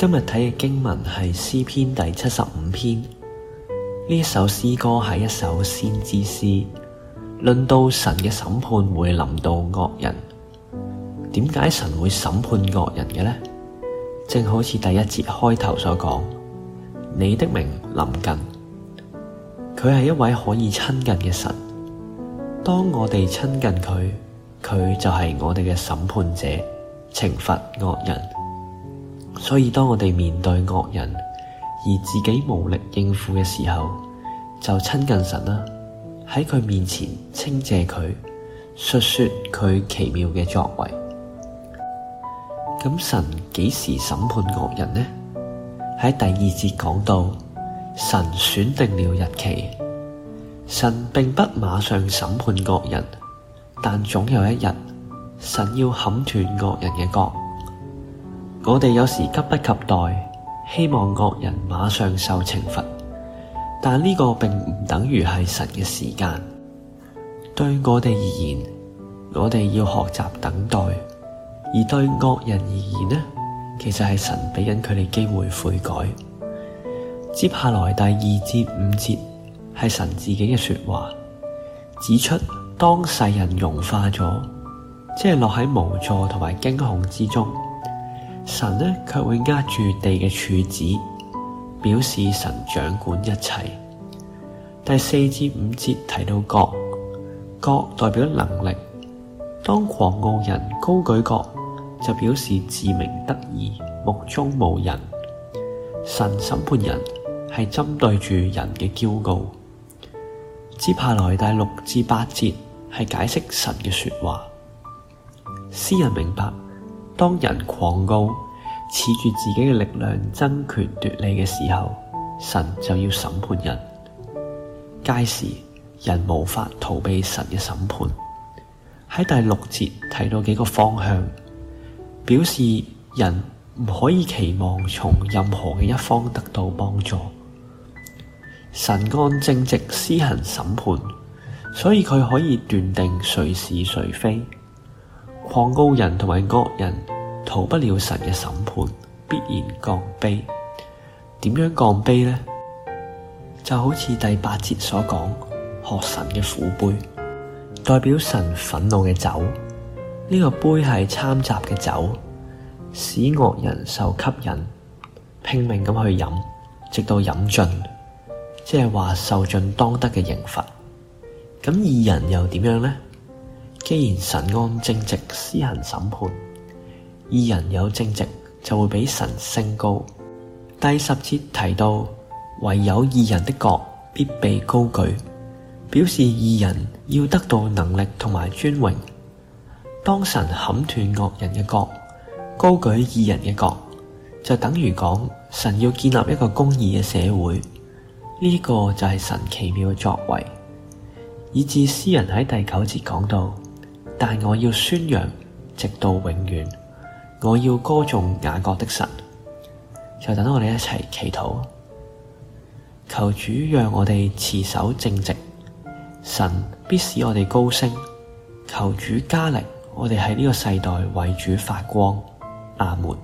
今日睇嘅經文係詩篇第七十五篇，呢首詩歌係一首先知詩，論到神嘅審判會臨到惡人。點解神會審判惡人嘅呢？正好似第一節開頭所講，你的名臨近，佢係一位可以親近嘅神。當我哋親近佢，佢就係我哋嘅審判者，懲罰惡人。所以當我哋面對惡人，而自己無力應付嘅時候，就親近神啦，啊，喺佢面前稱謝佢，述說佢奇妙嘅作為。咁神幾時審判惡人呢？喺第二節講到，神選定了日期，神並不馬上審判惡人，但總有一日，神要砍斷惡人嘅角。我哋有時急不及待，希望惡人馬上受懲罰，但呢個並唔等於係神嘅時間。對我哋而言，我哋要學習等待；而對惡人而言呢，其實係神俾緊佢哋機會悔改。接下來第二至五節係神自己嘅說話，指出當世人融化咗，即係落喺無助同埋驚恐之中。神呢，卻會壓住地嘅柱子，表示神掌管一切。第四至五節提到角，角代表能力。當狂傲人高舉角，就表示自鳴得意，目中無人。神審判人，係針對住人嘅驕傲。接下來第六至八節係解釋神嘅說話，詩人明白。當人狂傲，恃住自己嘅力量爭權奪利嘅時候，神就要審判人。屆時，人無法逃避神嘅審判。喺第六節提到幾個方向，表示人唔可以期望從任何嘅一方得到幫助。神按正直施行審判，所以佢可以斷定誰是誰非。狂傲人同埋惡人逃不了神嘅審判，必然降卑。點樣降卑呢？就好似第八節所講，學神嘅苦杯，代表神憤怒嘅酒。呢、這個杯係摻雜嘅酒，使惡人受吸引，拼命咁去飲，直到飲盡。即係話受盡當得嘅刑罰。咁義人又點樣呢？既然神按正直施行審判。義人有正直，就會俾神升高。第十節提到，唯有義人的角必被高舉，表示義人要得到能力同埋尊榮。當神砍斷惡人嘅角，高舉義人嘅角，就等於講神要建立一個公義嘅社會。呢、這個就係神奇妙嘅作為。以至詩人喺第九節講到：但我要宣揚，直到永遠。我要歌頌雅各的神，就等我哋一齊祈禱，求主讓我哋持守正直，神必使我哋高升，求主加力，我哋喺呢個世代為主發光，阿門。